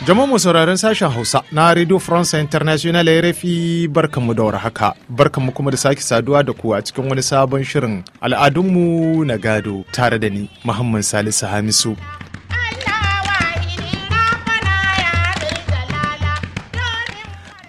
Jama'a sauraron sashen Hausa na Radio France International ya rafi barkanmu da warhaka. Barkanmu kuma da sake saduwa da ku a cikin wani sabon shirin al'adunmu na gado tare da ni Muhammad Salisu Hamisu.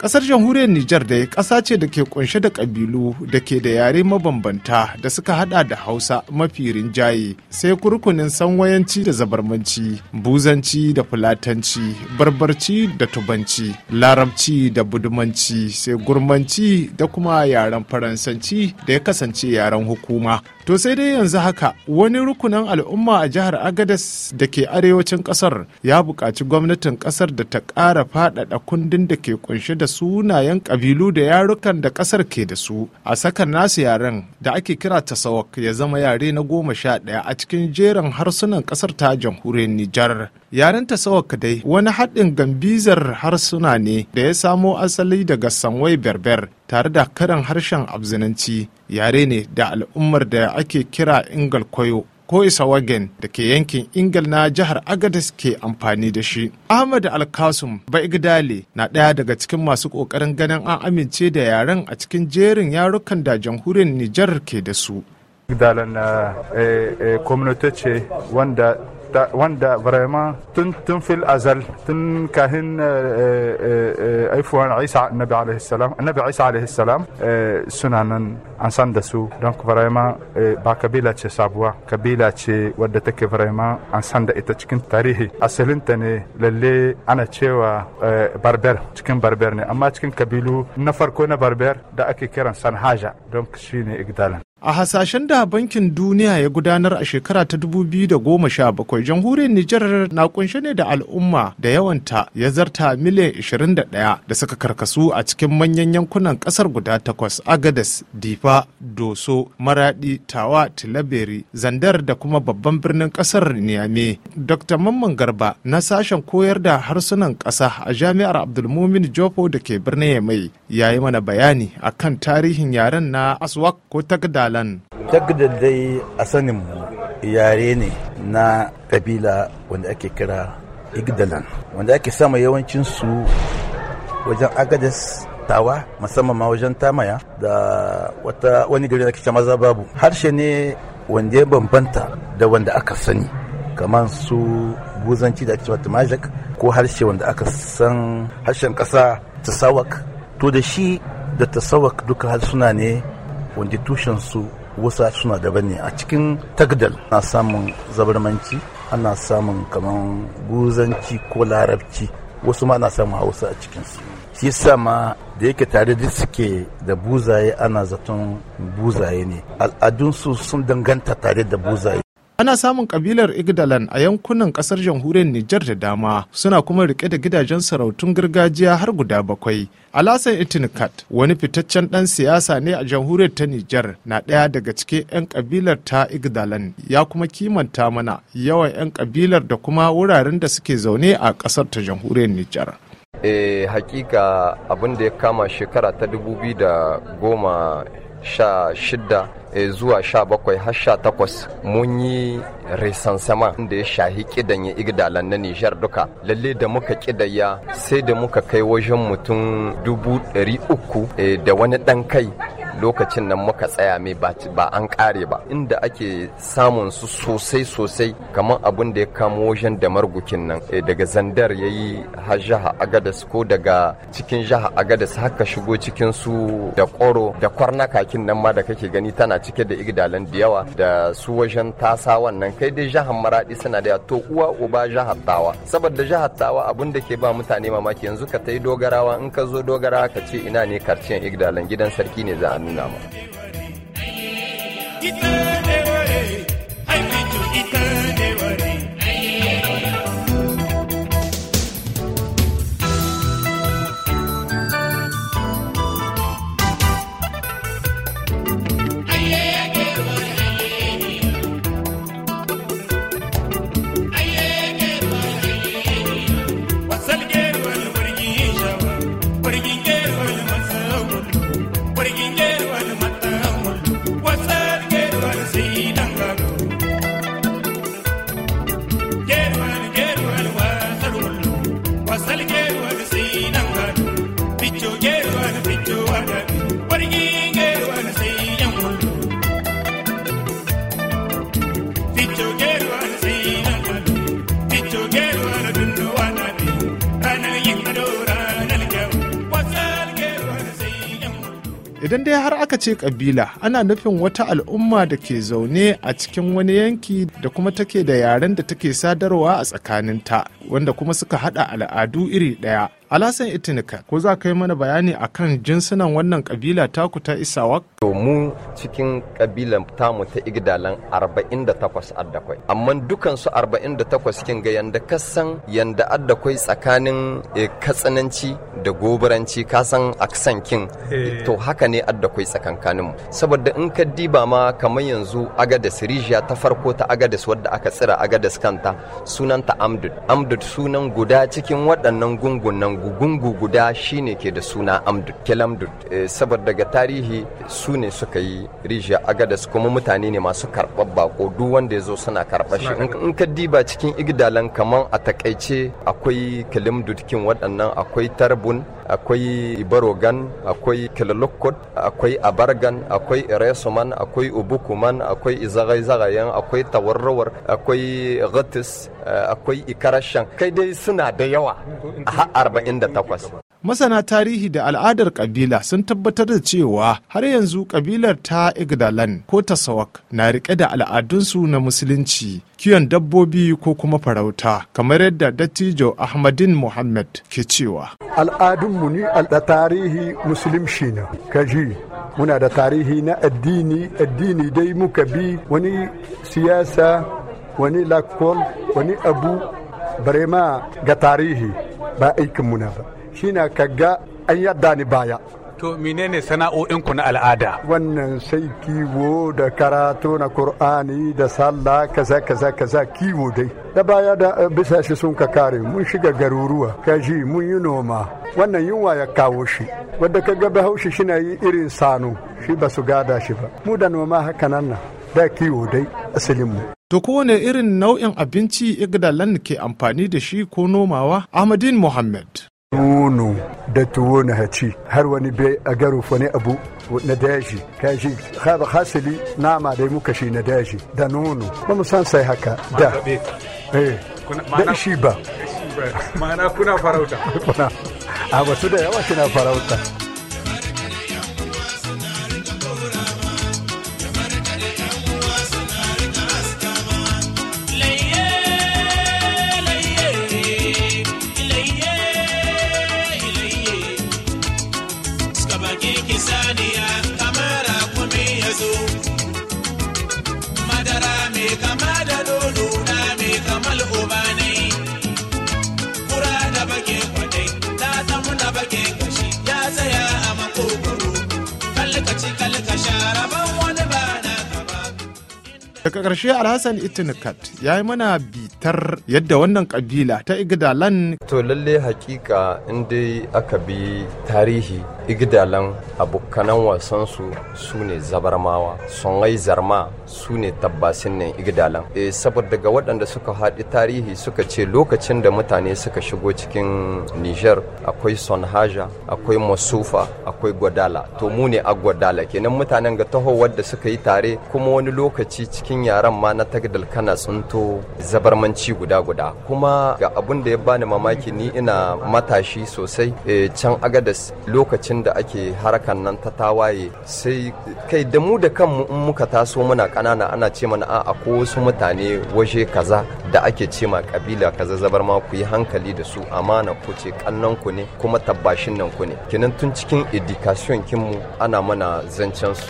Ƙasar jamhuriyar Nijar da ƙasa ce da ke kunshe da ƙabilu da ke da yare mabambanta da suka hada da Hausa mafi rinjaye sai kurkunin sanwayanci da zabarmanci, buzanci da fulatanci, barbarci da tubanci, larabci da budumanci, sai gurmanci da kuma yaren faransanci da ya kasance yaren hukuma. To sai dai yanzu haka wani rukunin al'umma a jihar Agadas da ke arewacin kasar ya buƙaci gwamnatin kasar da ta ƙara faɗaɗa kundin da ke kunshe da sunayen ƙabilu da yarukan da kasar ke da su a sakan nasu yaren da ake kira ta tasawak ya zama yare na goma sha ɗaya a cikin jerin harsunan kasar ta jamhuriyar Nijar. Yaren ta tasawaka dai wani haɗin gambizar harsuna ne da ya samo asali daga sanwai berber tare da karin harshen abzinanci yare ne da al'ummar da ake kira ingal koyo ko Isawagen da ke yankin Ingal na jihar Agadez ke amfani da shi. Ahmad Alkasum Baigdale na ɗaya daga cikin masu ƙoƙarin ganin an amince da yaren a cikin jerin yarukan da jamhuriyar Nijar ke da su. na eh, eh, ce wanda وندا فريما تن تن في الازل تن كاهن اي آه، آه، آه، فوان عيسى النبي عليه السلام النبي عيسى عليه السلام سنانا عن ساندسو دونك فريما با كبيلة تشي سابوا كبيلة تشي ودتك فريما عن ساند اتشكن تاريخي اسلن تاني للي انا تشيوا باربير تشكن باربيرني اما تشكن كبيلو نفر كونا باربير دا اكي كيران سان حاجة دونك شيني اقدالا A hasashen da bankin duniya ya gudanar a shekara ta 2017 jamhuriyar Nijar na kunshe ne da al'umma da yawanta ya zarta miliyan 21 da suka karkasu a cikin manyan yankunan kasar guda takwas Agadas, Difa, Doso, Maradi, Tawa, Tilaberi, Zandar da kuma babban birnin kasar Niamey. Dr. Mamman Garba na sashen koyar da harsunan ƙasa a Jami'ar Abdulmumin Jofo da ke birnin Yamai ya yi mana bayani akan tarihin yaren na Aswak ko Tagdal Talan. Tagdal dai a sanin yare ne na kabila wanda ake kira Igdalan wanda ake sama yawancin su wajen Agadas tawa musamman ma wajen tamaya da wata wani gari da kice maza babu harshe ne wanda ya bambanta da wanda aka sani kamar su buzanci da ake tumajak ko harshe wanda aka san harshen kasa tasawak to da shi da tasawak duka harsuna ne wanda tushensu wasu suna daban ne a cikin tagdal na samun zabarmanci ana samun kamar guzanci ko larabci wasu ma na samun hausa a cikinsu shi yasa ma da yake tare da suke da buzaye ana zaton buzaye ne al'adunsu sun danganta tare da buzaye ana samun kabilar igdalan a yankunan kasar jamhuriyar nijar da dama suna kuma rike da gidajen sarautun gargajiya har guda bakwai alasan itinikat wani fitaccen dan siyasa ne a jamhuriyar ta nijar na ɗaya daga cikin 'yan kabilar ta igdalan ya kuma kimanta mana yawan 'yan kabilar da kuma wuraren da suke zaune a kasar ta jamhuriyar nijar e, hakika abin da ya kama shekara ta da goma. sha shida eh, zuwa sha bakwai har sha takwas mun yi resansama da ya shahi ya igdalan na nijar duka lalle da muka kidaya sai da muka kai wajen mutum dubu uku eh, da wani ɗan kai lokacin nan muka tsaya mai ba an kare ba inda ake samun su sosai sosai kamar abin da ya kamo wajen da margukin nan eh, daga zandar ya yi har jiha agadas ko daga cikin jiha agadas haka shigo cikin su da koro da kwarnakakin nan ma da kake gani tana cike da igdalan da yawa da su wajen tasa wannan kai dai jahan maradi suna da to uwa uba jahar tawa saboda jihar tawa abin da ke ba mutane mamaki yanzu ka ta yi dogarawa in ka zo dogarawa ka ce ina ne karciyan igdalan gidan sarki ne za a hungama itane ware hai bichu itane Idan dai har aka ce kabila ana nufin wata al'umma da ke zaune a cikin wani yanki da kuma take da yaren da take sadarwa a tsakaninta wanda kuma suka hada al'adu iri ɗaya Alasan Itinika, ko za ka yi mana bayani akan jinsunan wannan kabila taku ta Isawa? Mu cikin kabilan tamu ta Igdalan 48 addakwai. Amma dukan 48 kin ga yanda kasan yanda addakwai tsakanin eh, katsananci da gobaranci kasan aksan kin eh. to haka ne addakwai tsakankanin mu. Saboda in ka diba ma kamar yanzu Agadas Rijiya ta farko ta Agadas wadda aka tsira Agadas kanta sunanta Amdud. Amdud sunan guda cikin waɗannan gungun nan gungu guda shine ke da suna amdu kelamdud eh, saboda daga tarihi su ne suka yi rijiya agadas kuma mutane ne masu karɓar bako duk wanda ya zo suna karɓar shi in ka diba cikin igdalan kaman a takaice akwai kelamdud kin waɗannan akwai tarbun akwai ibarogan akwai kilalokot akwai abargan akwai iresuman akwai ubukuman akwai izagai-zagayen akwai tawarrawar akwai gatis eh, akwai ikarashan kai dai suna da yawa a Masana tarihi da al'adar kabila sun tabbatar da cewa har yanzu kabilar ta Igdalan ko ta sawak na rike da al'adunsu na musulunci, kiyon dabbobi ko kuma farauta, kamar yadda dattijo Ahmadin Muhammad ke cewa. Al'adunmu ni da tarihi musulunci ne, kaji muna da tarihi na addini, addini dai muka bi wani siyasa, wani lakol, wani abu, barema ga tarihi. ba aikin muna ba shi na kaga an yadda ni baya to menene sana'o'inku na al'ada wannan sai kiwo da karatu na Kur'ani da sallah kaza kaza kaza kiwo dai da baya da eh, bisa shi sun ka kare mun shiga garuruwa kaji mun yi noma wannan yunwa ya kawo shi wadda ka ga bahaushe shina yi irin sano shi ba su gada shi ba mu da noma haka nan da kiwo dai asalinmu To kowane irin nau'in abinci Igdalan ke amfani da shi ko nomawa? Ahmadin Mohammed. Nono da tuwo na haci har wani bai a garo wani abu na daji kashi haɓa hasili nama dai muka shi na daji da nono ba mu san sai haka da eh, da ishi ba ma'ana kuna farauta a wasu da yawa kina farauta daga ƙarshe alhassan itinikat ya yi mana bitar yadda wannan kabila ta igdalan to lalle hakika in dai aka bi tarihi igdalan abokanan wasansu su ne zabarmawa sonai zarma su ne tabbasin nan igdalan e, saboda ga waɗanda suka haɗi tarihi suka ce lokacin da mutane suka shigo cikin niger akwai sonhaja akwai masufa akwai gwadala to mu ne a gwadala kenan mutanen ga taho wadda suka yi tare kuma wani lokaci cikin yaran ma na tagdal kana tsinto zabarmanci guda guda kuma ga abun da ya bani mamaki ni ina matashi sosai e, can agadas lokaci. lokacin da ake harkan nan ta tawaye sai kai da mu da kanmu in muka taso muna kanana ana ce mana a ko wasu mutane waje kaza da ake ce ma kabila kaza zabar ma ku yi hankali da su amana ku ce kannan ku ne kuma tabbashin nan ku ne kinan tun cikin education kinmu ana mana zancen su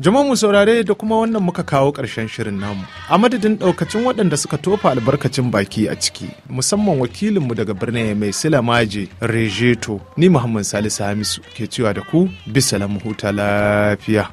Juma mu saurare da kuma wannan muka kawo ƙarshen shirin namu. A madadin ɗaukacin waɗanda suka tofa albarkacin baki a ciki, musamman wakilinmu daga birnin mai Silamaje Rejeto, ni Muhammad Salisu Hamisu ke cewa da ku bisa lamu huta lafiya.